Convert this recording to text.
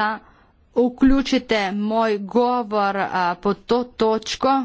da vključite moj govor pod to točko.